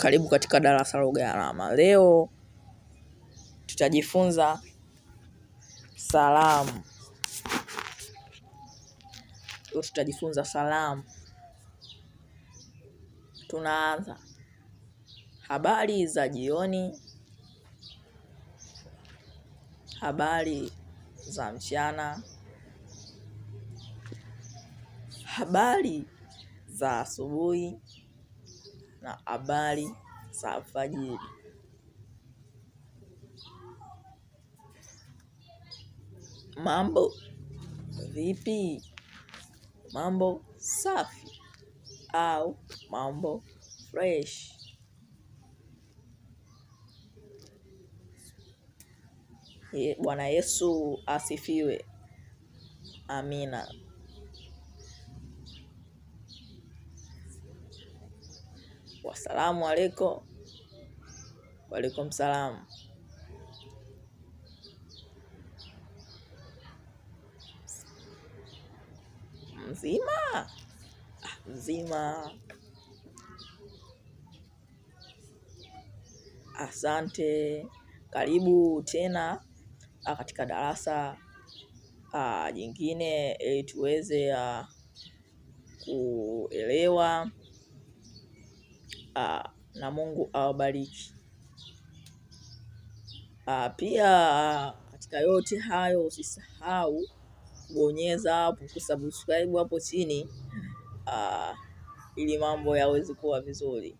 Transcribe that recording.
Karibu katika darasa lugha ya alama. Leo tutajifunza salamu. Leo tutajifunza salamu. Tunaanza. Habari za jioni. Habari za mchana. Habari za asubuhi na habari za alfajiri. Mambo vipi? Mambo safi au mambo fresh. Bwana Yesu asifiwe. Amina. Wasalamu aleko Waalaikum salam. Mzima ah, mzima. Asante, karibu tena ah, katika darasa ah, jingine, ili tuweze kuelewa Ah, na Mungu awabariki. Ah, pia katika yote hayo usisahau kubonyeza hapo kusubscribe hapo chini, ah, ili mambo yaweze kuwa vizuri.